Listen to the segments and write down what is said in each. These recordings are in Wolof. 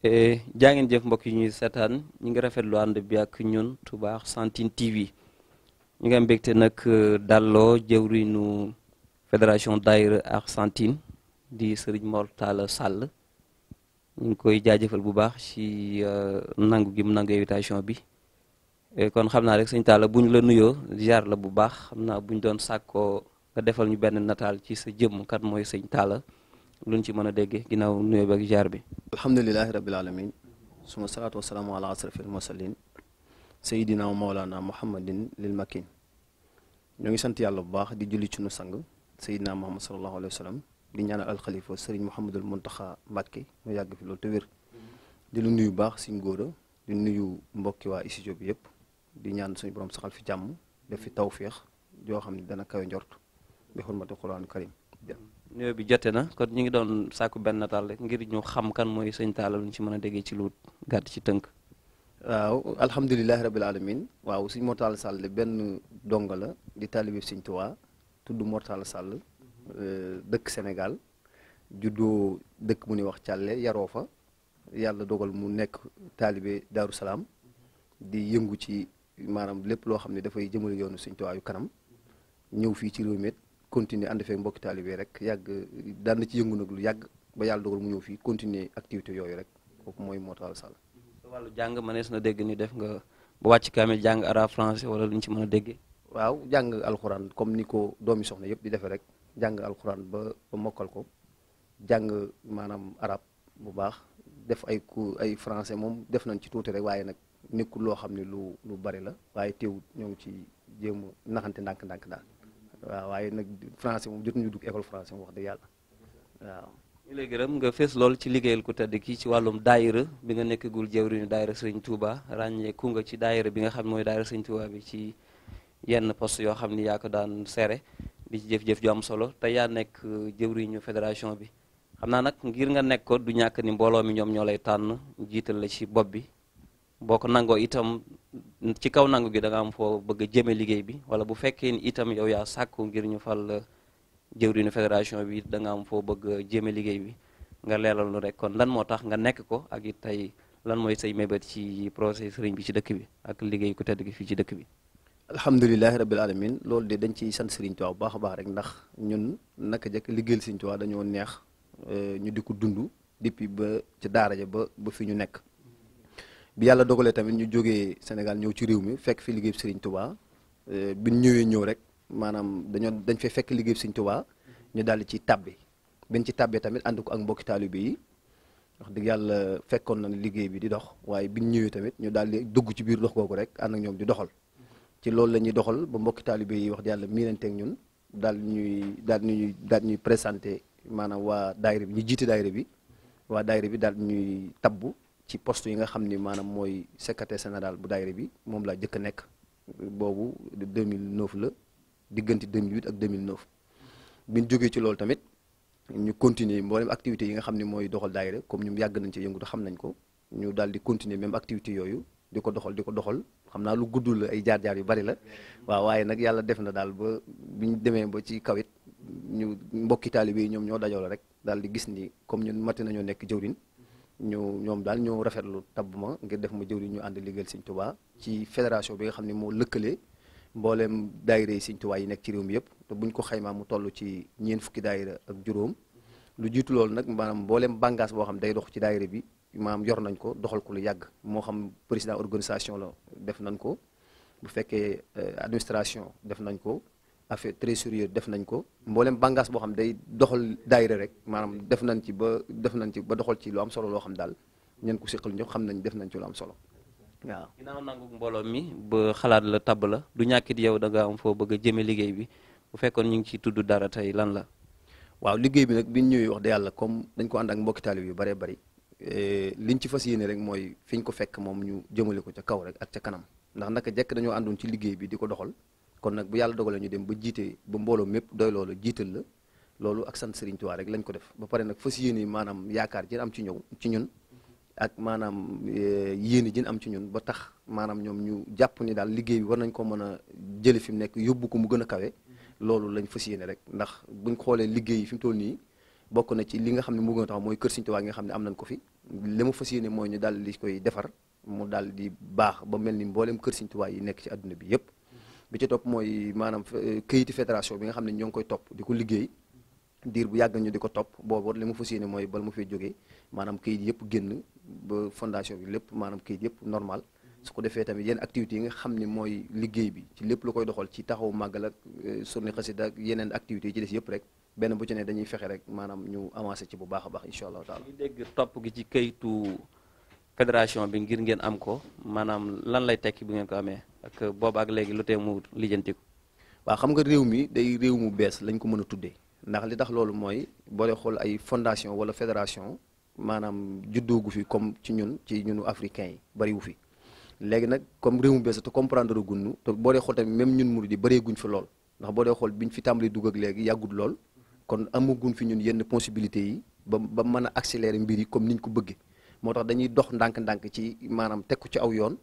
Eh, jaa ngeen jëf mbokk yi ñuy seetaan ñu ngi rafetlu ànd bi ak ñun Touba Argentine TV ñu ngi am mbégte nag euh, dalloo jëwriñu fédération daayira Argentine di sëriñ Mor Talla Sall ñu ngi koy jaajëfal bu baax ci euh, nangu gi mu nangu invitation bi eh, kon xam naa rek sëñ Talla bu ñu la nuyoo ziar la bu baax xam naa bu doon sàkkoo nga defal ñu benn nataal ci sa jëmm kat mooy sëñ Talla. luñ ci mën a dégg ginnaaw nuyoo bi ak jaar bi alhamdulilahi rabbil alamin suma salaatu wasalaamu ala asrafil mursalin sayidina wa maolana muhammadin lil makin ñoo ngi sant yàlla bu baax di julli ci nu sang sayidina muhammad salallahu alayhi wa sallam di ñaanal alxalifa sëriñ muhammadul muntaxa mbàkke mu yàgg fi loolu te wér di lu nuyu baax siñ góora di nuyu mbokki waa studio bi yëpp di ñaan suñu borom saxal fi jàmm def fi tawféex joo xam ne dana kawe njort bi néew bi jote na kon ñu ngi doon sàkku benn nataal rek ngir ñu xam kan mooy sëñ Talla ñu ci mën a déggee ci lu gàtt ci tënk. waaw alhamdulilah rabil alamin waaw sëñ Mor Talla Sall benn donga la di taalibe sëñ Tuubaa tudd Mor Talla euh, dëkk senegal juddoo dëkk bu ñuy wax Càlle yaroo fa yàlla dogal mu nekk taalibe Daaru di yëngu ci maanaam lépp loo xam ne dafay jëmale yoonu sëñ kanam ñëw fii ci réew mi continuer ànd fee mbokki taalibe rek yàgg daan ci yëngu nag lu yàgg ba yàlla dogal mu ñëw fii continuer activité yooyu rek kooku mooy Mortalla Sall. wàllu jàng mënees na dégg ni def nga ba wàcc kaamil jàng arabe français wala lu ci mën a déggee. waaw jàng alxuraan comme ni ko doomi soxna yëpp di defee rek jàng alxuraan ba ba mokkal ko jàng maanaam arab bu baax def ay ku ay français moom def nañ ci tuuti rek waaye nag nekkul loo xam ne lu lu bari la waaye teewut ñoo ngi ci jéem naxante ndànk-ndànk daal. waaw waaye nag français moom jotuñu dugg école français moom wax dëgg yàlla waaw. ñu lay gërëm nga fees lool ci liggéeyal ku tedd kii ci wàllum daayira bi nga nekkagul jëwriñu daayira sëriñ Touba ràññeeku nga ci daayira bi nga xam mooy daayira sëriñ Touba bi ci yenn poste yoo xam ni yaa ko daan seere di ci jëf-jëf ju am solo te yaa nekk jëwriñu fédération bi xam naa nag ngir nga nekk ko du ñàkk ni mbooloo mi ñoom ñoo lay tànn jiital la ci bopp bi boo ko nangoo itam ci kaw nangu gi da nga am foo bëgg a jëme liggéey bi wala bu fekkee ni itam yow yaa sàkku ngir ñu fal jëwriñu fédération bi danga am foo bëgg a liggéey bi nga leelal lu rek kon lan moo tax nga nekk ko ak it tey lan mooy say mébét ci projet sëriñ bi ci dëkk bi ak liggéey ku tedd gi fii ci dëkk bi alhamdulilahi rabil alamin loolu de dañ ciy sant sëriñ Tuubaa bu baax a baax rek ndax ñun naka jëkk liggéeyal sëriñ Tuubaa dañoo neex euh, ñu di ko dund depuis ba ci daara ja ba ba fi ñu nekk bi yàlla dogalee tamit ñu jógee Sénégal ñëw ci réew mi fekk fi liggéey Serigne Touba euh, bi ñëwee ñëw rek maanaam dañoo dañ fay fekk liggéey Serigne Touba ñu daal ci tabbi biñ ci tabbee tamit ànd ko ak mbokki taalibe yi wax dëgg yàlla fekkoon na liggéey bi di dox waaye biñ ñëwee tamit ñu daal di dugg ci biir dox googu rek ànd ak ñoom di doxal ci loolu la ñuy doxal ba mbokki taalibe yi wax yàlla miinanteeg ñun daal ñuy daal ñuy daal ñuy présenté maanaam waa daayira bi ñu jiite daayira bi waa daayira bi daal ñuy tabbu ci poste yi nga xam ni maanaam mooy secrétaire général bu daayira bi moom laa jëkk a nekk boobu 2009 la diggante 2008 ak 2009 bi ñu jógee ci loolu tamit ñu continuer mboolem activité yi nga xam ne mooy doxal daayira comme ñun yàgg nañ ci yëngu xam nañ ko ñu daal di continuer même activité yooyu di ko doxal di ko doxal xam naa lu gudd la ay jaar-jaar yu bari la waaw waaye nag yàlla def na daal ba bi ñu demee ba ci kawit ñu mbokki taalibe yi ñoom ñoo dajoo la rek daal di gis ni comme ñun mati nañoo nekk jëwrin ñu ñoom daal ñoo rafetlu tabb ma ngir def ma jëwriñ ñu ànd liggéeyal Sëñ Tuubaa ci fédération bi nga xam ne moo lëkkale mbooleem daayira yi Sëñ yi nekk ci réew mi yëpp te buñ ko xaymaa mu toll ci ñeent fukki daayira ak juróom lu jiitu loolu nag maanaam mbooleem bàngaas boo xam day dox ci daayira bi maam yor nañ ko doxal ko lu yàgg moo xam président organisation la def nañ ko bu fekkee euh, administration def nañ ko affaire très sérieux def nañ ko mbooleem bangaas boo xam day doxal daayira rek maanaam def nañ ci ba def nañ ci ba doxal ci lu am solo loo xam daal ñen ko siqal ñëpp xam nañ def nañ ci lu am solo waaw. ginnaaw nangu mbooloo mi ba xalaat la tabb la du yow da nga am foo bëgg a jëme liggéey bi fekkoon ñu ngi ciy tudd dara tey lan la. waaw liggéey bi nag bi ñu ñëwee wax de yàlla comme dañ ko ànd ak mbokki taalib yu bëree bëri eh, liñ ci fas yéene rek mooy fi ñu ko fekk moom ñu jëmale ko ca kaw rek ak ca kanam ndax naka jekk dañoo àndoon ci liggéey bi di ko doxal kon nag bu yàlla dogalee ñu dem ba jiitee ba mbooloo mépp doy jiital la loolu ak sant Serigne Touba rek lañ ko def ba pare nag fas yéene maanaam yaakaar ji am ci ñëw ci ñun ak maanaam eh, yéene ji am ci ñun ba tax maanaam ñoom ñu jàpp ni daal liggéey bi war nañ ko mën a jële fi mu nekk yóbbu ko mu gën a kawe loolu lañ fas yéene rek ndax buñ xoolee liggéey yi fi mu toll nii bokk na ci li nga xam ne mu gën a tax mooy kër Serigne nga xam ne am nañ ko fi li ma fas yéene mooy ñu daal di koy defar mu daal di baax ba mel ni mboolem kër Serigne Touba nekk ci àdduna bi yépp bi ci topp mooy maanaam euh, këyiti fédération bi nga xam ne ñoo ngi koy topp di ko liggéey diir bu yàgg ñu di ko topp boobu li ma fas yéene mooy bala ma fee jógee maanaam këyit yëpp génn ba fondation bi lépp maanaam këyit yëpp normal su ko defee tamit yenn activités yi nga xam ni mooy liggéey bi ci lépp lu koy doxal ci taxaw màggal ak surni euh, xasida ak yeneen activités yi ci des yëpp rek benn bu ci ne dañuy fexe rek maanaam ñu avancé ci bu baax a baa incha allahu taala. fédération bi ngir ngeen am ko maanaam lan lay tekki bu ngeen ko amee ak booba ak léegi lu tee mu lijjanti ko waaw xam nga réew mi day réew mu bees lañ ko mën a tuddee ndax li tax loolu mooy boo dee xool ay fondation wala fédération maanaam juddoogu fi comme ci ñun ci ñunu africain yi bariwu fi léegi nag comme réew mu bees te comprendre gunnu te boo dee xool tamit même ñun murid di bareeguñ guñ fi lool ndax boo dee xool biñ fi tàmbali dugg ak léegi yàggut lool kon amaguñ fi ñun yenn possibilités yi ba ba mën a accélérer yi comme niñ ko bëggee moo tax dañuy dox ndànk-ndànk ci maanaam teg ko ci aw yoon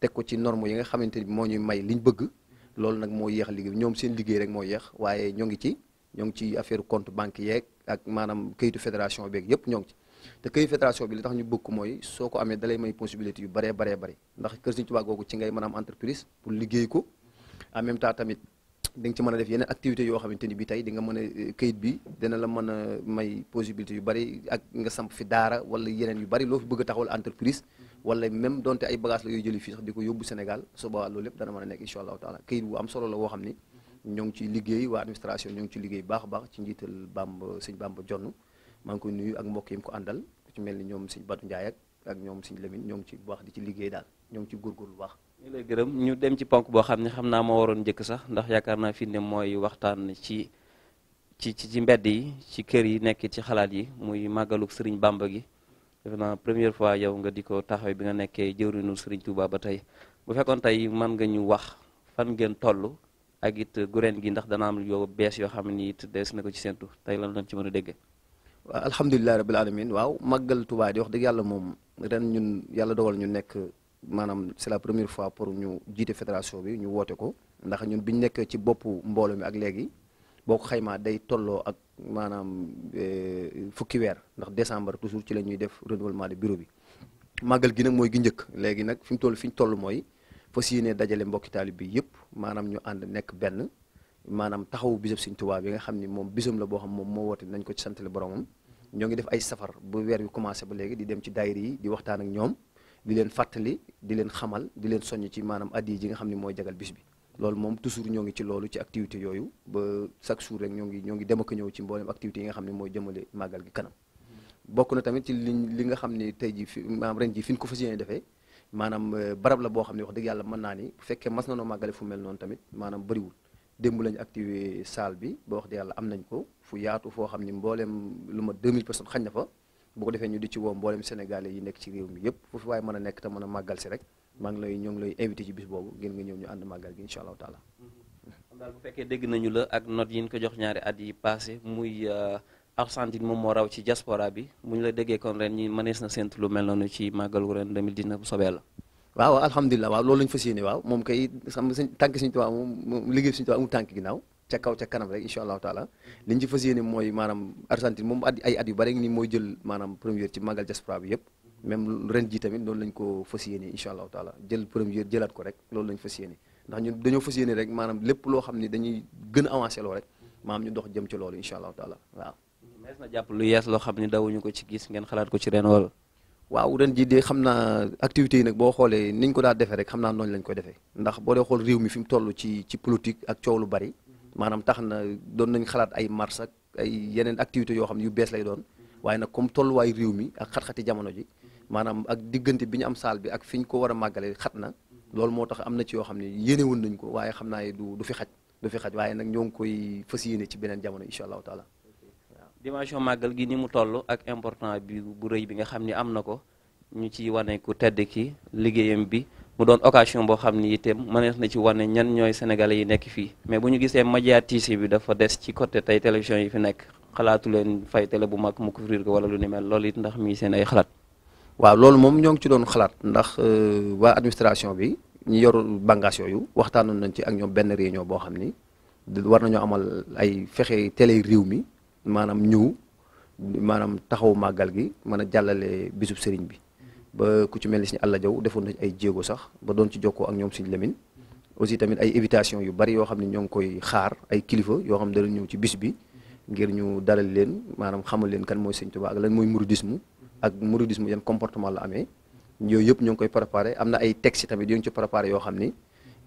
teg ko ci norme yi nga xamante ni moo ñuy may liñ bëgg loolu nag moo yéex liggéey ñoom seen liggéey rek moo yéex waaye ñoo ngi ci ñoo ngi ci affaire compte banque yeeg ak maanaam kayitu fédération beeg yépp ñoo ngi ci te këyit fédération bi li tax ñu bëgg mooy soo ko amee dalay may possibilité yu baree baree bari ndax Kër Sëriñ Tuubaa googu ci ngay man am entreprise pour liggéey ko en même temps tamit di nga ci mën a def yeneen activités yoo xamante ni bi tey di nga mën a euh, kayit bi dina la mën a may possibilité yu bari ak nga samp fi daara wala yeneen yu bari loo fi bëgg a taxawal entreprise wala même donte ay bagages la yooyu jëli fii sax di ko yóbbu Sénégal suba loolu lépp dana mën a nekk incha allahu taala kayit bu am solo la woo xam ni ñoo ngi ci liggéey waa administration ñoo ngi ci liggéey baax baax ci njiital Bamba sëñ Bamba jonn maa ngi koy ak mbokk yi mu àndal ci mel ni ñoom sëñ Badou Ndiaye ak ñoom sëñ Lamine ñoo ngi ci bu baax di ci liggéey daal ñoo ngi ci góorgóorlu baax ñu lay ñu dem ci ponk boo xam ni xam naa moo waroon njëkk sax ndax yaakaar naa fi ne mooy waxtaan ci ci ci mbedd yi ci kër yi nekk ci xalaat yi muy màggalu sëriñ Bamba gi defe naa première fois yow nga di ko taxawee bi nga nekkee jëwrinu sëriñ Touba ba tey bu fekkoon tey man nga ñu wax fan ngeen toll ak it guréen gi ndax dana am yow bees yoo xam ne it dees na ko ci séntu tey lan lañ ci mën a déggee. waaw alhamdulilah rabil alamin waaw màggal Touba di wax dëgg ñu nekk. maanaam c'est la première fois pour ñu jiite fédération bi ñu woote ko ndax ñun biñ nekk ci boppu mbooloo mi ak léegi boo ko xaymaa day tolloo ak maanaam eh, fukki weer ndax décembre toujours ci la ñuy def renouvellement de bureau bi màggal gi nag mooy gi njëkk léegi nag fi mu toll fi ñu toll mooy fas yéene dajale mbokki taalib bi yëpp maanaam ñu ànd nekk benn maanaam taxawu bisab Sëñ Tuubaa bi nga xam ni moom bisam la boo xam moom moo woote nañ ko ci santale boromam ñoo ngi def ay safar bu weer bi commencé ba léegi di dem ci daayira yi di waxtaan ak ñoom di leen fàttali di leen xamal di leen soññ ci maanaam addi ji nga xam ne mooy jagal bis bi loolu moom toujours ñoo ngi ci loolu ci activité yooyu ba chaque jour rek ñoo ngi ñoo ngi dem ak ñëw ci mboolem activité yi nga xam ne mooy jëmale màggal gi kanam bokk na tamit ci liñ li nga xam ne tey ji fi maanaam ren ji fi ñu ko fas yéene defee maanaam euh, barab la boo xam ne wax dëgg yàlla mën naa ni bu fekkee mas na noo màggale fu mel noonu tamit maanaam bëriwul démb lañu activé salle bi ba wax dëgg am nañ ko fu yaatu foo xam ne mbooleem lu ma 2000 personnes xañ na fa boo ko defee ñu di ci woo mboolem sénégalais yi nekk ci réew mi yëpp foofu waaye mën a nekk te mën a màggal si rek maa ngi lay ñoo ngi lay ñu ànd màggal nañu la ak note yi ñu ko jox ñaari at yi passé muy euh, Argentine moom moo raw ci diaspora bi mu ñu la déggee kon ren ñi mënees na séntu lu mel noonu ci màggalu ren 2019 bu sobee la waaw alhamdulilah waaw loolu lañu fa yéene waaw moom kay xam nga sëñ tànk sëñ Tuubaa moom liggéey sëñ Tuubaa amul tànk ginnaaw ca kaw ca kanam rek incha allahu taala liñ ci fas yéene mooy maanaam Argentine moom at ay at yu bëri ni mooy jël maanaam première ci màggal diaspora bi yëpp même ren ji tamit loolu lañ ko fas yéene incha allahu taala jël première jëlaat ko rek loolu lañ fas yéene ndax ñun dañoo fas yéene rek maanaam lépp loo xam ne dañuy gën a avancé loo rek maam ñu dox jëm ci loolu incha allahu taala waaw mees na jàpp lu yees loo xam ne dawuñu ko ci gis ngeen xalaat ko ci ren waaw ren ji de xam naa activité yi nag boo xoolee niñ ko daa defee rek xam naa noonu lañ koy defee ndax boo dee xool réew mi fi toll ci ci politique ak coow lu bari maanaam tax na doon nañ xalaat ay mars ay yeneen activité yoo xam ne yu bees lay doon waaye nag comme tolluwaay réew mi ak xat-xati jamono ji maanaam ak diggante bi ñu am saal bi ak fi ñu ko war a màggale xat na loolu moo tax am na ci yoo xam ne yéene woon nañ ko waaye xam naa du du fi xaj du fi xaj waaye nag ñoo ngi koy fas yéene ci beneen jamono incha allahu taala waaw dimension màggal gi nii mu toll ak important bi bu rëy bi nga xam ni am na ko ñu ci wane ku tedd ki liggéeyam bi mu doon occasion boo xam ni itam mënees na ci wane ñan ñooy sénégalais yi nekk fii mais bu ñu gisee médiatisme bi dafa des ci côté tey télévision yi fi nekk xalaatu leen fay télé bu mag mu couvrir ko wala lu ni mel loolu it ndax mi seen ay xalaat. waaw loolu moom ñoo ngi ci doon xalaat ndax euh, waa administration bi ñu yor bàngaas yooyu waxtaanoon nañ ci ak ñoom benn réunion boo xam ni war nañoo amal ay fexe tele réew mi maanaam ñëw maanaam taxawu màggal gi mën a jàllale bisub sëriñ bi. ba ku ci mel ni suñu àlla jaw defoon nañ ay jéego sax ba doon ci jokkoo ak ñoom suñu lemin aussi tamit ay invitation yu bari yoo xam ne ñoo ngi koy xaar ay kilifa yoo xam ne dana ñëw ci bis bi ngir ñu dalal leen maanaam xamal leen kan mooy sëñ Tuubaa lan mooy mouridisme ak mouridisme yan comportement la amee yooyu yëpp ñoo ngi koy préparé am na ay textes tamit yu ngi ci yoo xam ni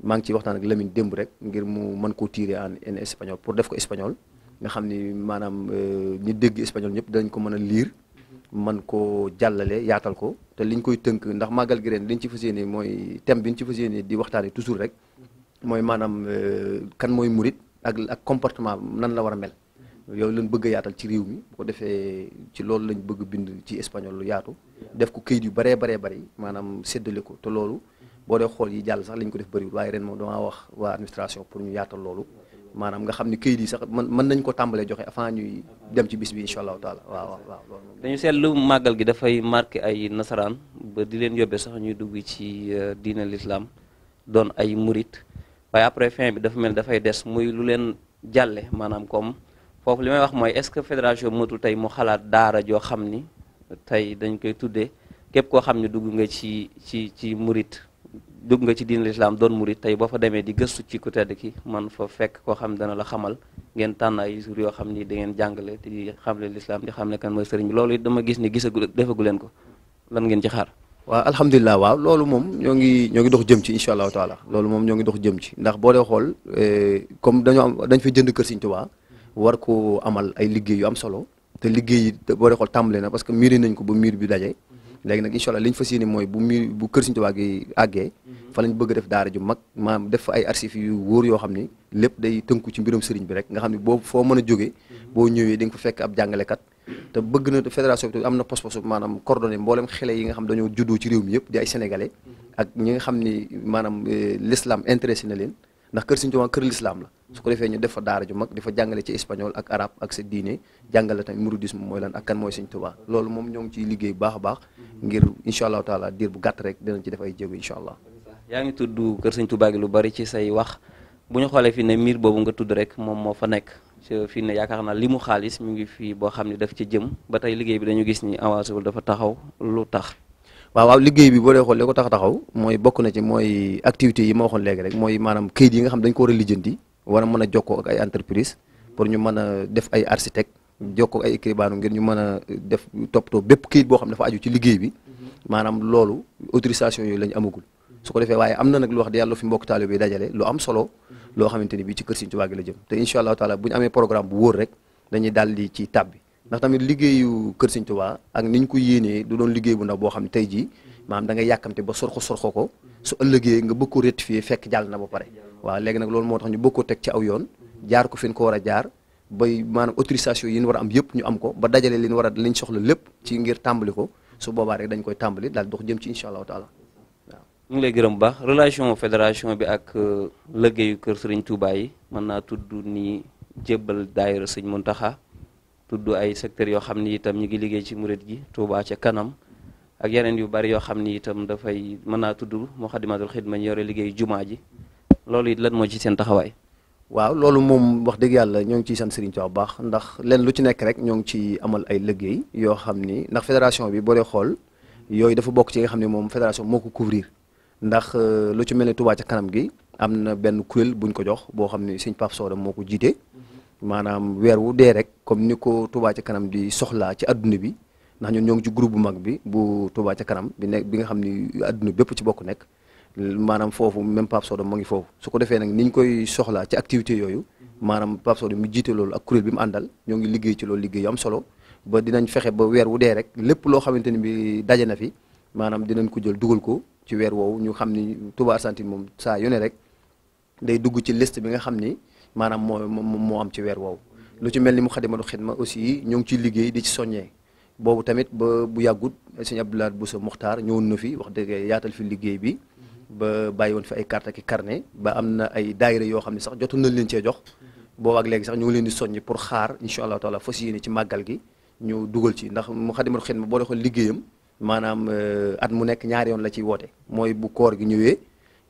maa ciy waxtaan ak Lamine démb rek ngir mu mën koo tirer en en espagnol pour def ko espagnol nga xam ni maanaam euh, ñu dégg espagnol ñëpp dañ ko mën a liir man koo jàllale yaatal ko te liñ koy tënk ndax màggal gi ren liñ ci fas yéene mooy thème bi ñu ci fas yéene di waxtaane toujours rek mooy maanaam euh, kan mooy murit ak ak comportement nan la war a mel yow lañ bëgg yaatal ci réew mi bu ko defee ci loolu lañ bëgg bind ci espagnol lu yaatu def ko këyit yu baree baree bari maanaam séddale ko te loolu boo dee xool yi jàll sax liñ ko def bëriwul waaye ren moom damaa wax waa administration pour ñu yaatal loolu maanaam nga xam ni këyit yi sax man mën nañ ko tàmbalee joxe avant ñuy dem ci bis bi incha allahu taala waaw waaw waaw. dañu seetlu màggal gi dafay marqué ay nasaraan ba di leen yobbe sax ñuy dugg ci euh, diina lislaam doon ay murit waaye après fin bi dafa mel dafay des muy lu leen jàlle maanaam comme foofu li may wax mooy est-ce que fédération motul tey mu xalaat daara joo xam ni tey dañ koy tuddee képp koo xam ne dugg nga ci ci ci murit dugg nga ci diin lislaam doon murit tey boo fa demee di gëstu ci ku tedd ki man fa fekk koo xam dana la xamal ngeen tànn ay suur yoo xam ni da ngeen jàngale di xamle lislaam di xam ne kan mooy sëriñ bi loolu it dama gis ni gisagu defagu leen ko lan ngeen ci xaar waaw alhamdulilah waaw loolu moom ñoo ngi ñoo ngi dox jëm ci incha allahu taala loolu moom ñoo ngi dox jëm ci ndax boo dee xool eh, comme dañoo am dañ fa jënd kër Sëriñ Tuubaa war ko amal ay liggéey yu am solo te liggéey yi boo dee xool tàmbale na parce que miiri nañ ko ba miir bi daje léegi nag incha allah li ñu fas yéene mooy bu mu bu kër Serigne Touba gi àggee mhm. fa lañ bëgg a def daara ju mag maam def fa ay archives yu wóor yoo xam ni lépp day tënku ci mbirum sëriñ bi rek nga xam ne boo foo mën a jógee mhm. boo ñëwee di nga fa fekk ab jàngalekat te bëgg na fédération bi am na pospos maanaam coordonné mboolem xale yi nga xam dañoo juddoo ci réew mi yëpp di ay sénégalais mhm. ak ñi nga xam ni maanaam eh, lislaam intéressé na leen ndax kër Serigne Touba kër l'islam la su ko defee ñu def fa daara ju mag di fa jàngale ci espagnol ak arabe ak sa diine jàngale tamit mouridisme mooy lan ak kan mooy Sëñ Tuubaa loolu moom ñoo ngi ciy liggéey bu baax a baax ngir incha allahu taala diir bu gàtt rek dinañ ci def ay jéego incha allah yaa ngi tudd kër Sëñ Tuubaa lu bari ci say wax bu ñu xoolee fi ne miir boobu nga tudd rek moom moo fa nekk fii ne yaakaar naa li mu xaalis mu ngi fii boo xam ne daf ci jëm ba tey liggéey bi dañu gis ni avancé wul dafa taxaw lu tax waaw waaw liggéey bi boo dee xool li ko tax taxaw mooy bokk na ci mooy activités yi ma waxoon léegi rek mooy maanaam kayit yi nga xam dañ ko war a war a mën a jokkoo ak ay entreprise pour ñu mën a def ay architecte jokkoo ak ay écrivain ngir ñu mën a def too bépp kayit boo xam ne dafa aju ci liggéey bi maanaam loolu autorisation yooyu la amagul su ko defee waaye am na nag lu wax de yàlla fi mbokk taalibe bi dajale lu am solo loo xamante ni bii ci kër Sëriñ Tuubaa gi la jëm te incha allahu taala bu ñu amee programme bu wóor rek dañuy daal di ci tab bi ndax tamit liggéeyu kër Sëriñ Tuubaa ak ni ñu ko yéenee du doon liggéey bu ndaw boo xam ne tey jii maanaam da nga yàkkamte ba sorxo sorxo ko su ëllëgee nga bëgg ko rectifier fekk jàll na ba pare waaw léegi nag loolu moo tax ñu bëgg ko teg ci aw yoon jaar ko feen ko war a jaar bay maanaam autorisation yi ñu war a am yëpp ñu am ko ba dajale li ñu war a liñ soxla lépp ci ngir tàmbali ko su boobaa rek dañ koy tàmbali daal dox jëm ci incha allahu taala ñu ngi lay gërëm bu baax relation fédération bi ak euh, liggéeyu kër Serigne Touba yi mën naa tudd ni jébbal daayira Sëñ Muntaxa tudd ay secteurs yoo xam ni itam ñu ngi liggéey ci murit gi Touba ca kanam ak yeneen yu bari yoo xam ni itam dafay mën naa tudd Moukhaddamatoul Khidma ñu yore liggéey jumaa ji loolu it lan moo ci seen taxawaay. waaw loolu moom wax dëgg yàlla ñoo ngi ciy sant Serigne Touba bu baax ndax leen lu ci nekk rek ñoo ngi ciy amal ay liggéey yoo xam ni ndax fédération bi boo dee xool yooyu dafa bokk ci nga xam ne moom fédération moo ko couvrir ndax lu ci mel ne Touba ca kanam gi am na benn kuréel ñu ko jox boo xam ni Serigne Pape Soda moo ko jiite. maanaam weer wu dee rek comme ni ko Touba ca kanam di soxlaa ci adduna bi. ndax ñun ñoo ngi ci groupe bu mag bi bu Touba ca kanam bi nekk bi nga xam ni adduna bépp ci bokk nekk maanaam foofu même Pape Sodo mu ngi foofu su ko defee nag ni ñu koy soxlaa ci activité yooyu maanaam Pape Sodo mu jiite loolu ak kuréel bi mu àndal ñoo ngi liggéey ci loolu liggéey yu am solo ba dinañ fexe ba weer wu dee rek lépp loo xamante ni bi daje na fi maanaam dinañ ko jël dugal ko ci weer woowu ñu xam ni Touba Argentine moom saa yu rek day dugg ci liste bi nga xam ni maanaam moo moo am ci weer woow lu ci mel ni mu Moukhaddamatoul Khidma aussi ñoo ngi ciy liggéey di ci soññee boobu tamit ba bu yàggut sëñ Abdoulaye Bousso Mokhtar ñëwoon na fi wax dëgg yaatal fi liggéey bi ba bàyyi woon fi ay carte ak i carnet ba am na ay daayira yoo xam ne sax jotu na leen cee jox boo ak léegi sax ñu ngi leen di soññ pour xaar incha allah taala fas yéene ci màggal gi ñu dugal ci ndax Moukhaddamatoul Khidma boo doxee liggéeyam maanaam euh, at mu nekk ñaari yoon la ciy woote mooy bu koor gi ñëwee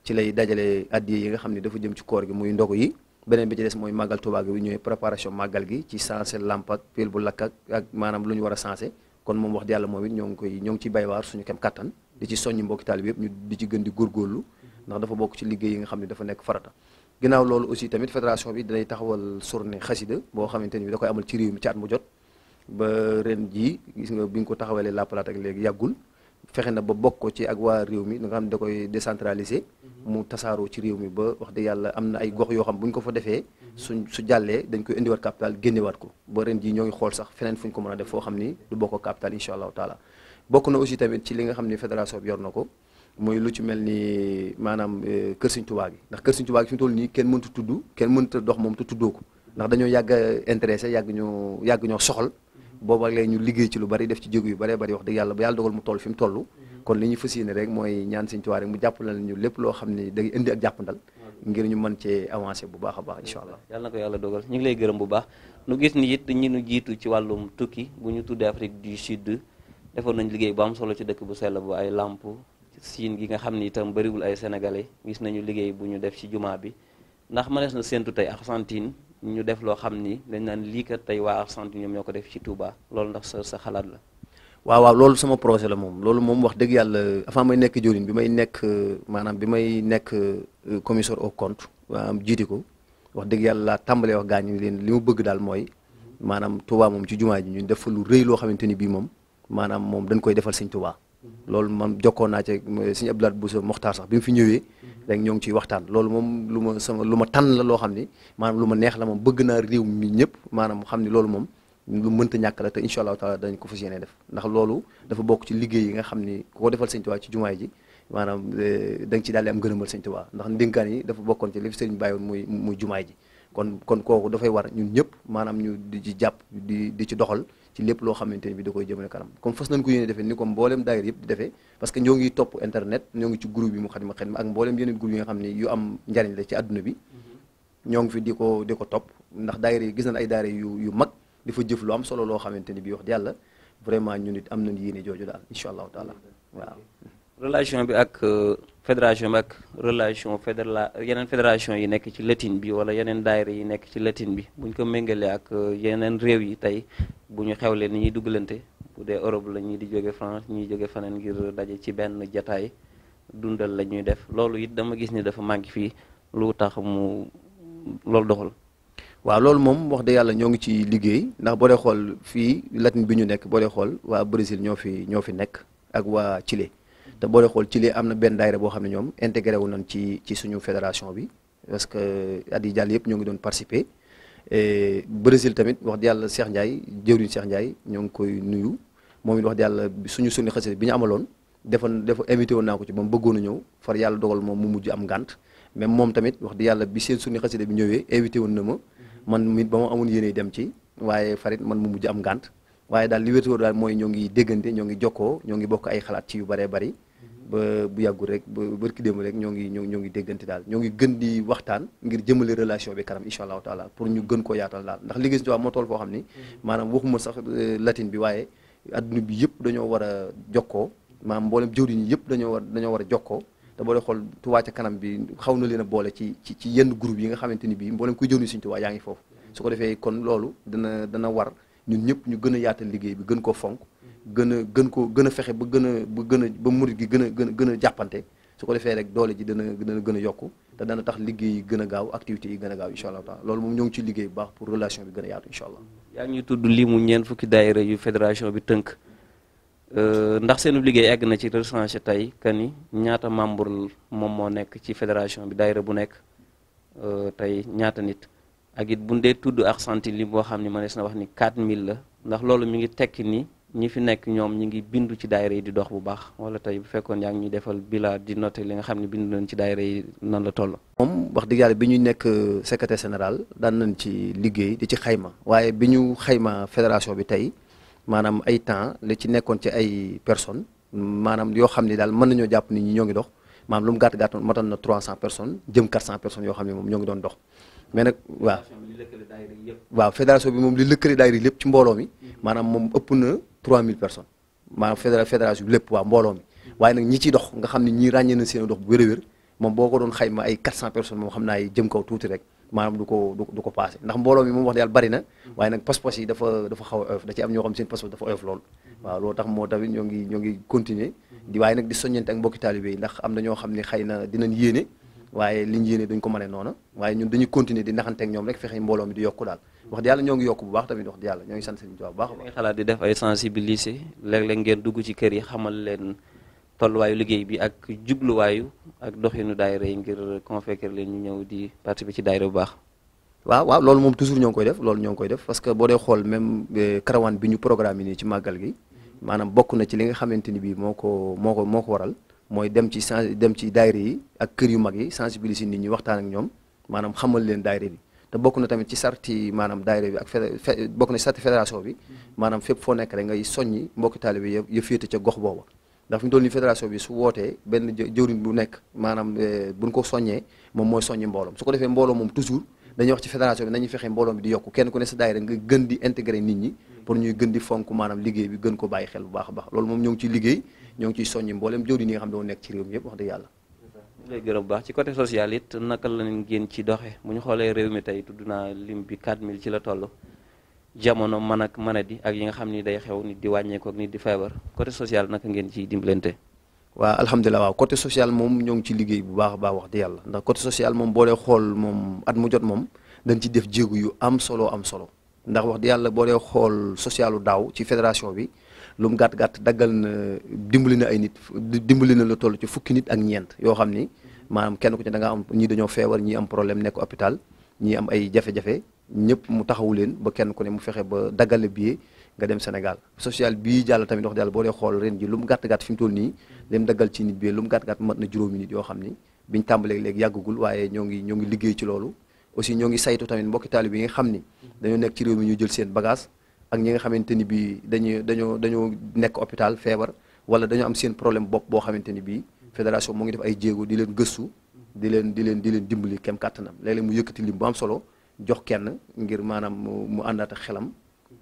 ci lay dajale addiya yi nga xam ne dafa jëm ci koor gi muy ndogu yi beneen bi ci des mooy màggal Tuubaa gi bu ñëwee préparation màggal gi ci sensé lamp ak pile bu lakk ak maanaam lu ñu war a sensé kon moom wax di yàlla moom it ñoo ngi koy ñoo ngi ci baywaar suñu kem kattan di ci soññ mbokki taalibe yëpp ñu di ci gën di góorgóorlu ndax dafa bokk ci liggéey yi nga xam ne dafa nekk farata ginnaaw loolu aussi tamit fédération bi dinay taxawal journée xasida boo xamante ni da koy amal ci réew mi ci at mu jot ba ren jii gis nga bi ñu ko taxawalee La Plate léegi yàggul fexe na ba bokk ko ci ak waa réew mi nga xam da koy décentraliser mu tasaaroo ci réew mi ba wax dëgg yàlla am na ay gox yoo xam bu ñu ko fa defee suñ su jàllee dañ koy indiwaat capital génnewaat ko ba ren jii ñoo ngi xool sax feneen fu ñu ko mën a def foo xam ni du bokk capital incha allahu taala bokk na aussi tamit ci li nga xam ni fédération bi yor na ko mooy lu ci mel ni maanaam euh, Kër Sëñ Tuubaa gi ndax Kër Sëñ Tuubaa gi fi mu toll nii kenn mënta tudd kenn mënta dox moom te tuddoo ko ndax dañoo yàgg a yàgg yàgg ñoo soxal booba léegi ñu liggéey ci lu bari def ci jéego yu baree bari wax dëgg yàlla ba yàlla dogal mu toll fi mu toll kon li ñu fas yéene rek mooy ñaan Sëñ Tuubaa rek mu jàppalal ñu lépp loo xam ne day indi ak jàpp jàppandal ngir ñu mën cee avancé bu baax a baax incha allah yàlla na ko yàlla dogal ñu ngi lay gërëm bu baax nu gis ni it ñi nu jiitu ci wàllum tukki bu ñu tuddee Afrique du Sud defoon nañ liggéey bu am solo ci dëkk bu sell bu ay làmp siin gi nga xam ni itam bëriwul ay sénégalais gis nañu liggéey bu ñu def ci jumaa bi ndax mënees na séntu tey Argentine ñu def loo xam ni dañ naan lii tey waa Argentine ñoom ñoo ko def ci Touba loolu ndax sa sa xalaat la waaw waaw loolu sama projet la moom loolu moom wax dëgg yàlla avant may nekk jëwriñ bi may nekk maanaam bi may nekk euh, commissaire au compte maanaam jiiti ko wax dëgg yàlla laa tàmbalee wax gaañ leen li mu bëgg daal mooy maanaam Touba moom ci jumaa ji ñu def fa lu rëy loo xamante ni bii moom maanaam moom dañ koy defal sëñ Touba. loolu man jokkoon naa ci euh, sëñ Abdoulaye Bousso Mokhtar sax bi mu fi ñëwee. rek ñoo ci ciy waxtaan loolu moom lu ma sama lu ma tànn la loo xam ni maanaam lu ma neex la moom bëgg naa réew ñëpp maanaam xam ni loolu moom. lu mënta ñàkk la te incha allahu taala dañ ko fas yéene def ndax loolu dafa bokk ci liggéey yi nga xam ni ko defal sëñ Tuubaa ci jumaay ji maanaam eh, da nga ci daal di am gërëmal sëñ Tuubaa ndax ndénkaan dafay war ñun ñëpp maanaam ñu di ci jàpp di di ci doxal ci lépp loo xamante ni bi ko yéene defee ni comme mboolem daayira yëpp di defee parce que ñoo ngi topp mm-hmm. ko di ko ndax daayira yi gis nañ ay daayira yu yu mag dafa jëf lu am solo loo xamante ni bii wax yàlla vraiment ñun it am nañu yéene jooju daal incha allahu taala waaw. relation bi ak euh, fédération bi ak relation fédéral yeneen fédération yi nekk ci latine bi wala yeneen daayira yi nekk ci latine bi bu ñu ko méngalee ak euh, yeneen réew yi tey bu ñu xewlee ni ñuy dugalante bu dee Europe la ñii di jóge France ñuy jóge faneen ngir daje ci benn jataay dundal la ñuy def loolu it dama gis ni dafa manqué fii lu tax mu loolu doxal. waa loolu moom wax de yàlla ñoo ngi ci liggéey ndax boo dee xool fii latine bi ñu nekk boo dee xool waa Brésil ñoo fi ñoo fi nekk ak waa Chili te boo dee xool Chili am na benn daayira boo xam ne ñoom intégré wu nañ ci ci suñu fédération bi parce que at jàll yëpp ñoo ngi doon participer Brésil tamit wax dëgg yàlla Cheikh Ndiaye jëwriñ Cheikh Ndiaye ñoo ngi koy nuyu moom it wax dëgg yàlla suñu suñu xasida bi amaloon dafa dafa invité woon naa ko ci moom bëggoon a ñëw far yàlla dogal moom mu mujj am ngànt mais moom tamit wax di yàlla bi seen suñu xasida bi ñëwee invité woon na ma man mit ba ma amoon yéene dem ci waaye farit man mu mujj am ngànt waaye daal li wétuwóor daal mooy ñoo ngi déggante ñoo ngi jokkoo ñoo ngi bokk ay xalaat ci yu baree bari ba bu yàggul rek ba barki démb rek ñoo ngi ñoo ngi déggante daal ñoo ngi gën di waxtaan ngir jëmale relation bi karam incha allahu taala pour ñu gën ko yaatal daal ndax liggéey si moo tool foo xam ni maanaam waxuma sax euh, latine bi waaye àdduna bi yëpp dañoo war a jokkoo maanaam mboolem jëwriñ yëpp dañoo dañoo war a jokkoo te boo dee xool Touba ca kanam bi xaw na leen a boole ci ci ci yenn group yi nga xamante ni bii mboolem kuy jëwni Sëriñ Touba yaa ngi foofu su ko defee kon loolu dana dana war ñun ñëpp ñu gën a yaatal liggéey bi gën koo fonk gën a gën ko gën a fexe ba gën a ba gën a ba murit a gën a a jàppante su ko defee rek doole ji dana dana gën a yokku te dana tax liggéey yi gën a gaaw activités yi gën a gaaw incha allah taala loolu moom ñoo ngi ci liggéey baax pour relation bi gën a yaatu incha allah li mu ñeen fukki fédération bi tënk Euh, ndax seen liggéey egg na ci recensé tey que ni ñaata membre moom moo nekk ci fédération bi daayira bu nekk euh, tey ñaata nit ak it bu dee tudd ak santi li boo xam ne mënees na wax ni mille la ndax loolu mi ngi tekki ni ñi fi nekk ñoom ñi ngi bindu ci daayira yi di dox bu baax wala tey bu fekkoon yaa ngi ñuy defal bila di noté li nga xam ne bindu nañ ci daayira yi nan la toll. moom wax dëgg bi ñu nekk euh, secrétaire sénéral daan nañ ci liggéey di ci xayma waaye bi ñu xayma fédération bi tey. maanaam ay temps li ci nekkoon ci ay personnes maanaam yoo xam ne daal mën nañoo jàpp ni ñi ñoo ngi dox maanaam lu mu gàtt gàtt matoon na 300 personnes jëm 400 personnes yoo xam ne moom ñoo ngi doon dox mais nag waaw fédération bi moom li lëkkale daayira lépp ci mbooloo mi maanaam moom ëpp na 3000 personnes maanaam fédération lépp waaw mbooloo mi waaye nag ñi ciy dox nga xam ne ñii ràññee na seen dox bu wér a wér moom boo ko doon xayma ay naa jëm kaw tuuti rek maanaam du ko du ko passé ndax mbooloo mi moom wax yàlla bari na mm-hmm. waaye nag pas-pas yi dafa dafa a oyof da ci am ñoo xam seen pas-pas dafa oyof lool mm-hmm. waaw loolu tax moo tamit ñoo ngi continuer mm-hmm. waaye nag di soññante ak mbokki taalibe yi ndax am na ñoo xam ne xëy na dinañ yéene waaye liñ yéene duñ ko mënee noona waaye ñun dañuy continuer di naxante ñoom rek fexe mbooloo mi di yokku daal wax di yàlla ñoo ngi yokku bu baax tamit wax di yàlla ñoo ngi sant seen bu baax nga xalaat di leen tolluwaayu liggéey bi ak jubluwaayu ak doxinu daayira yi ngir convaincre leen ñu ñëw di participer ci daayira bu baax. waaw waaw loolu moom toujours ñoo koy def loolu ñoo ngi koy def parce que boo dee xool même karawaan eh, bi ñu programme yi nii ci màggal gi maanaam bokk na ci li nga xamante ni bii moo ko moo ko moo ko waral mooy dem ci sen dem ci daayira yi ak kër yu mag yi sensibiliser nit ñi waxtaan ak ñoom maanaam xamal leen daayira bi te bokk na tamit ci sarti maanaam daayira bi ak fe bokk na ci sarti fédération bi maanaam fépp foo nekk rek ngay soññi mbokki taalibe ya féete ca gox booba ndax fi mu toll nii fédération bi su wootee benn jëwriñ bu nekk maanaam eh, buñ ko soññee moom mooy soññi mbooloom su ko defee mbooloo moom toujours dañuy wax ci fédération bi nañuy fexe mbooloo bi kenn ku ne sa daayira nga gën di intégrer nit ñi pour ñuy gën di fonk maanaam liggéey bi gën ko bàyyi xel bu baax a baax loolu moom ñoo ngi ciy liggéey ñoo ngi ciy soññi mbooleem jëwriñ yi nga xam ne nekk ci réew mi yëpp wax dëgg yàlla lay gërëm baax ci côté social it naka la ngeen ci doxe bu ñu xoolee réew tey tudd naa lim bi 4000 ci la jamono man ak mën di ak yi nga xam ni day xew nit di wàññeeku nit di feebar côté social naka ngeen ciy dimbalante. waaw alhamdulilah waaw social moom ñoo ngi ci liggéey bu baax a baax wax di yàlla ndax côté moom boo dee xool moom at mu jot moom dañ ci def jéegu yu am solo am solo ndax wax di yàlla boo dee xool socialu daaw ci fédération bi lu mu gàtt gàtt daggal na dimbali na ay nit dimbali na la toll ci fukki nit ak ñeent yoo xam ni maanaam kenn ku ci da nga am ñii dañoo feebar ñii am problème nekk hôpital ñii am ay jafe ñëpp mu taxawu leen ba kenn ku ne mu fexe ba daggale billet nga dem Sénégal social bii jàll tamit ndox dëgg boo dee xool ren ji lu mu gàtt gàtt fi mu nii lim daggal ci nit bi lu mu gàtt gàtt mat na juróomi nit yoo xam ni biñ tàmbalee léegi ñoo ngi ñoo ngi liggéey ci loolu aussi ñoo ngi saytu tamit mbokki taalib yi nga xam ni dañoo nekk ci réew ñu jël seen bagage ak ñi nga xamante ni bii dañu dañoo dañoo nekk hôpital feebar wala dañoo am seen problème bopp boo xamante ni bii fédération mu ngi def ay jéego di leen gëstu di leen di leen di leen dimbali kem kàttanam léeg-léeg mu yëkkati lim bu am solo jox kenn ngir maanaam mu àndaat xelam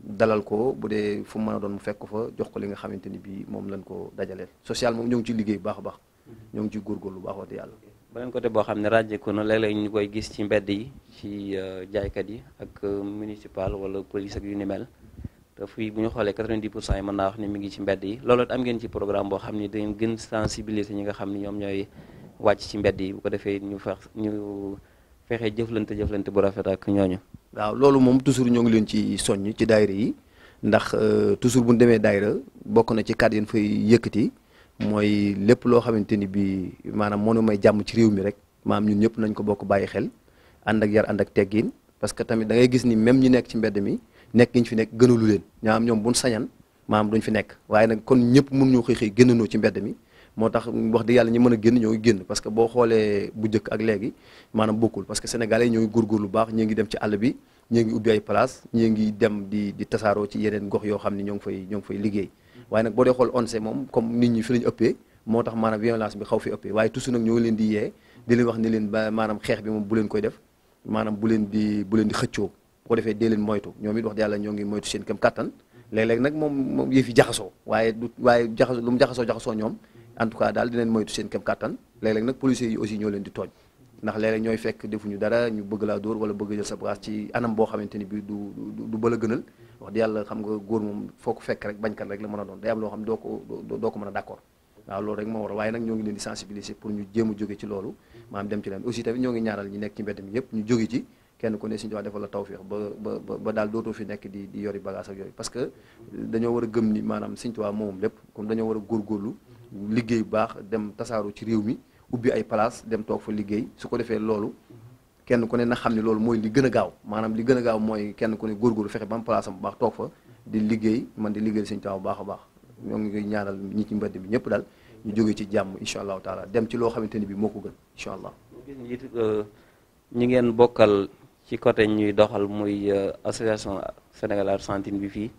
dalal ko bu dee fu mu mën doon mu fekk ko fa jox ko li nga xamante ni bii moom lañ ko dajaleel social moom ñoo ci liggéey bu baax a baax mm-hmm. ñoo ngi ciy lu bu baax wax dëgg yàlla beneen côté boo xam ne ràjjeeku na léeg-léeg ñu koy gis ci mbedd yi ci euh, jaaykat yi ak euh, municipal wala police ak yu ni mel te fii bu ñu xoolee 90 pour cent yi mën naa wax ne mi ngi ci mbedd yi loolu am ngeen ci programme boo xam ne dañ gën sensibiliser nga xam ne ñoom ñooy wàcc fexe jëflante jëflante bu rafet ak ñooñu. waaw loolu moom toujours ñoo ngi leen ci soññ ci daayira yi ndax euh, toujours bu ñu demee dayre bokk na ci kàddu yéen fay yëkkati mooy lépp loo xamante ni bii maanaam moo nu may jàmm ci réew mi rek maam ñun ñëpp nañ ko bokk bàyyi xel ànd ak yar ànd ak teggin parce que tamit da ngay gis ni même ñi nekk ci mbedd mi nekk ñu fi nekk gënalu leen am ñoom buñ sañan maam duñ fi nekk waaye nag kon ñëpp mun xëy xëy génnanoo ci mbedd mi moo tax wax dëgg yàlla ñi mën a génn ñoo ngi génn parce que boo xoolee bu njëkk ak léegi maanaam bokkul parce que sénégalais ñoo ngi góorgóor lu baax ñii ngi dem ci àll bi ñii ngi ubbi ay place ñii ngi dem di di tasaaroo ci yeneen gox yoo xam ne ñoo ngi fay ñoo ngi fay liggéey waaye nag boo dee xool ONCE moom comme nit ñi fi lañ ëppee moo tax maanaam violence bi xaw fi ëppee waaye toujours nag ñoo leen di yee di leen wax ni leen ba maanaam xeex bi moom bu leen koy def maanaam leen di leen di xëccoo bu defee dee leen moytu ñoom it wax yàlla ñoo ngi moytu seen kam kàttan léeg-léeg nag moom moom yëf yi jaxasoo waaye du waaye jaxasoo mu jaxasoo jaxasoo ñoom en tout cas daal dinañ moytu seen kéem kattan léeg-léeg nag policiers yi aussi ñoo leen di tooñ ndax léeg-léeg ñooy fekk defuñu dara ñu bëgg laa dóor wala bëgg jël sa bagage ci anam boo xamante ni bii du du gënal wax di yàlla xam nga góor moom foo ko fekk rek bañkat rek la mën a doon day am loo xam doo ko doo ko mën a d'accord waaw loolu rek moo war waaye nag ñoo ngi leen di sensibiliser pour ñu jéem jóge ci loolu maanaam dem ci leen aussi tamit ñoo ngi ñaaral ñi nekk ci mbedd mi yëpp ñu jóge ci kenn ku ne suñu wax defal la tawféex ba ba ba daal dootoo fi nekk di di yori bagage ak yooyu parce que dañoo war a ni maanaam Sëñ Tuubaa moom lépp comme dañoo war góorgóorlu liggéey bu baax dem tasaaru ci réew mi ubbi ay place dem toog fa liggéey su ko defee loolu kenn ku ne na xam ne loolu mooy li gën a gaaw maanaam li gën a gaaw mooy kenn ku ne góorgóorlu fexe bam am place bu baax toog fa di liggéey man di liggéey sëñ Tuubaa bu baax a baax ñoo ngi ñaaral ñi ci mbadd bi ñëpp daal ñu jóge ci jàmm incha allahu taala dem ci loo xamante ni bi moo ko gën incha allah ñi ngeen bokkal ci côté ñuy doxal muy euh, association Sénégal Argentine bi fii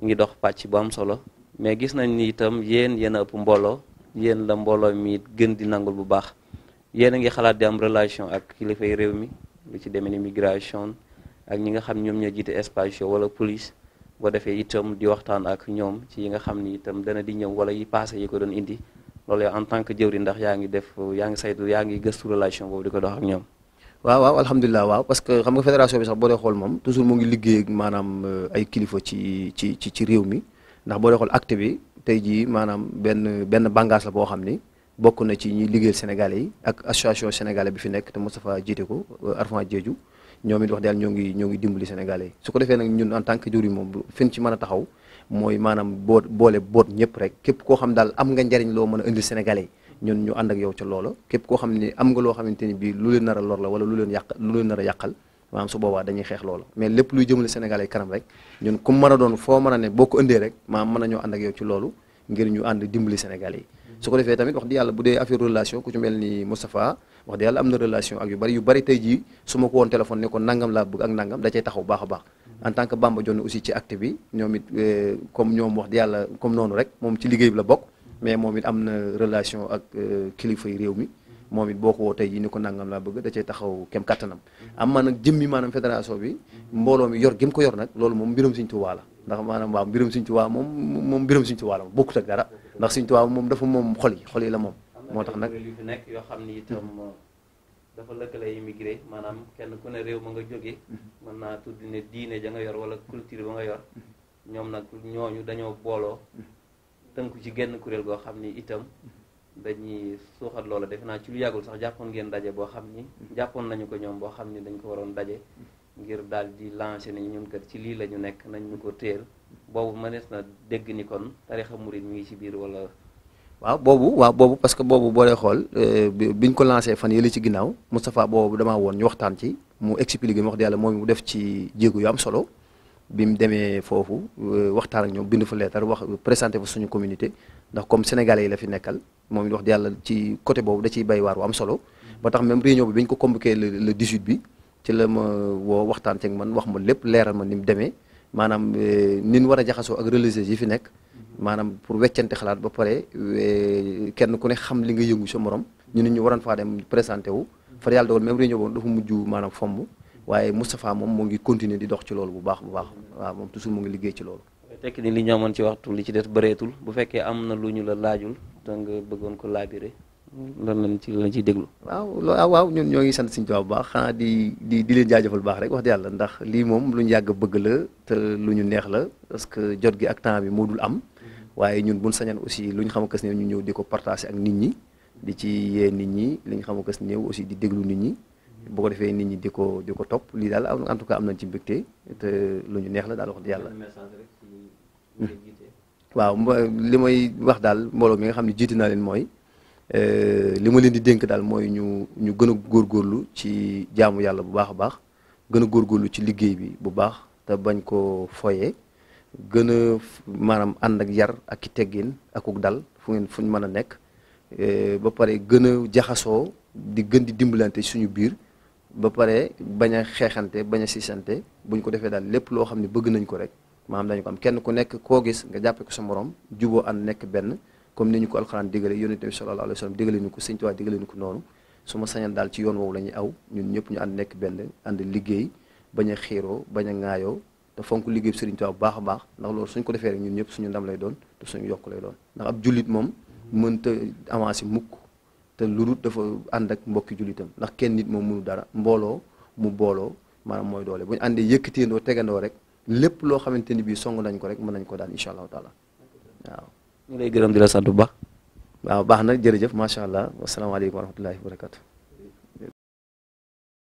ñu ngi dox pàcc bu am solo mais gis nañ ni itam yéen yéen a ëpp mbooloo yéen la mbooloo mi gën di nangul bu baax yéen a ngi xalaat di am relation ak kilifay réew mi lu ci demee ni migration ak ñi nga xam ñoom ñoo jiite espace wala police boo defee itam di waxtaan ak ñoom ci yi nga xam ni itam dana di ñëw wala yi passé yi ko doon indi loolu yow en tant que jëwri ndax yaa ngi def yaa ngi saytu yaa ngi gëstu relation boobu di ko dox ak ñoom. waaw waaw alhamdulilah waaw parce que xam nga fédération bi sax boo dee xool moom toujours mu ngi liggéey ak euh, ay kilifa ci ci ci réew mi. ndax boo dee xool acte bi tey jii maanaam benn benn bànqaas la boo xam ni bokk na ci ñi liggéeyal Sénégalais yi ak association sénégalais bi fi nekk te Moustapha jiite ko euh, Arfan jeeju ñoom it wax dëgg ñoo ngi ñoo ngi dimbali Sénégalais yi su ko defee nag ñun en tant que jur yi moom fin ci mën a taxaw mooy maanaam boot boole boot ñëpp rek képp koo xam daal am nga njariñ loo mën a indil Sénégalais yi ñun ñu ànd ak yow ca loola képp koo xam ne am nga loo xamante ni bii lu leen nar a la wala lu leen yàq lu leen nar a yàqal maanaam su boobaa dañuy xeex loolu mais lépp luy jëmale Sénégal ay kanam rek ñun ku mën a doon foo mën a ne boo ko ëndee rek maanaam mën a ñoo ànd ak yow ci loolu ngir ñu ànd dimbali Sénégal yi su ko defee tamit wax di yàlla bu dee affaire relation ku ci mel ni Moustapha wax di yàlla am na relation ak yu bari yu bari tey jii su ma ko woon téléphone ne laa bëgg ak nangam da cay taxaw baax a baax en tant que Bamba Dione aussi ci acte bi ñoom it eh, comme ñoom wax di yàlla comme noonu rek moom ci liggéey bi la bokk mais moom it am na relation ak eh, kilifa réew mi moom it boo ko woo tey jii ni ko nangam laa bëgg da cay taxaw kem kattanam am ma nag jëmmi maanaam fédération bi mbooloo mi yor gém ko yor nag loolu moom mbirum Sëñ Tuubaa la ndax maanaam waaw mbirum Sëñ Tuubaa moom moom mbirum Sëñ Tuubaa la bokkut ak dara ndax Sëñ Tuubaa moom dafa moom xol yi xol la moom moo tax nag nekk yoo xam ni itam dafa lëkkale immigré maanaam kenn ku ne réew ma nga jógee mën naa tudd ne diine ja nga yor wala culture ba nga yor ñoom nag ñooñu dañoo booloo tënku ci genn kuréel goo xam ni itam dañuy suuxat loola defe naa ci lu yàggul sax jàppoon ngeen daje boo xam ni jàppoon nañu ko ñoom boo xam ni dañ ko waroon daje ngir daal di lancer nañu ñun kat ci lii la ñu nekk nañ ñu ko téel boobu mënees na dégg ni kon tarixa murit mi ngi ci biir wala waaw boobu waaw boobu parce que boobu boo dee xool euh, biñ ko lancé fan yële ci ginnaaw Moustapha boobu dama woon ñu waxtaan ci mu expliqué ma wax di yàlla moom mu def ci jéego yu am solo bi mu demee foofu euh, waxtaan ak ñoom bind fa leetar wax présenté fa suñu communité ndax comme sénégalais yi la fi nekkal moom it wax yàlla ci côté boobu da ciy bay waar wu am solo ba tax même réunion bi bi ñu ko convoqué le le 18 bi ci la ma woo waxtaan man wax ma lépp leeral ma ni mu demee maanaam euh, ni ñu war a jaxasoo ak religieux yi fi nekk maanaam pour weccante xalaat ba pare euh, kenn ku ne xam li nga yëngu sa morom ñu nit ñu waroon faa dem présenté wu. far yàlla dogal même réunion boobu dafa mujj maanaam fomb. waaye Moustapha moom moo ngi continuer di dox ci loolu bu baax bu baax waaw moom toujours mu ngi liggéey ci loolu. tekk ni li ñu amoon ci waxtu li ci des bëreetul bu fekkee am na lu ñu la laajul te nga bëggoon ko laabiré lan lañ ci lan ciy déglu. waaw loo waaw ñoo ngi sant Sëñ Tuubaa bu baax xanaa di di di leen jaajëfal bu rek wax yàlla ndax lii moom lu ñu bëgg la lu ñu neex la parce que jot gi ak temps bi moo dul am. waaye ñun buñ sañan aussi lu ñu xam kës néew ñu ñëw di ko partager ak nit ñi. di ci yee nit ñi li ñu xam néew aussi di déglu nit ñi. boo ko defee nit ñi di ko di ko topp lii daal en tout cas am nañ ci mbégte lu ñu neex la daal wax dëgg yàlla. Hmm. waaw li may wax daal mbooloo mi nga xam ne jiite naa leen mooy euh, li ma leen di dénk daal mooy ñu ñu gën a góorgóorlu ci jaamu yàlla bu baax a baax gën a góorgóorlu ci liggéey bi bu baax te bañ koo foyee gën a maanaam ànd ak yar ak i teggin akuk dal fu ngeen fuñ mën a nekk euh, ba pare gën a jaxasoo di gën di dimbalante suñu biir. ba pare bañ xeexante bañ a bu buñ ko defee daal lépp loo xam ne bëgg nañ ko rek maanaam dañu ko am kenn ku nekk koo gis nga jàppe ko sa moroom juboo ànd nekk benn comme ni ñu ko alxuraan digale yonent bi sallallahu alayhi wa sallam digale ñu ko Sëñ ko noonu su ma sañan daal ci yoon woowu la ñuy aw ñun ñëpp ñu ànd nekk benn ànd liggéey bañ a xiiroo bañ a ŋaayoo te fonk liggéey bi Sëriñ Tuubaa bu baax baax ndax loolu suñ ko defee rek ñun ñëpp suñu ndam lay doon te suñu yokk lay doon ndax ab jullit moom mënta avancer mukk te lu dul dafa ànd ak mbokki jullitam ndax kenn nit moom munu dara mbooloo mu mbooloo maanaam mooy doole bu ñu àndee yëkkateendoo tegandoo rek lépp loo xamante ni bii song nañ ko rek mën nañ ko daan incha allahu taala waaw. ñu lay gërëm di la sant bu baax. waaw baax na jërëjëf macha allah wasalaamaaleykum wa rahmatullahi wa barakatu.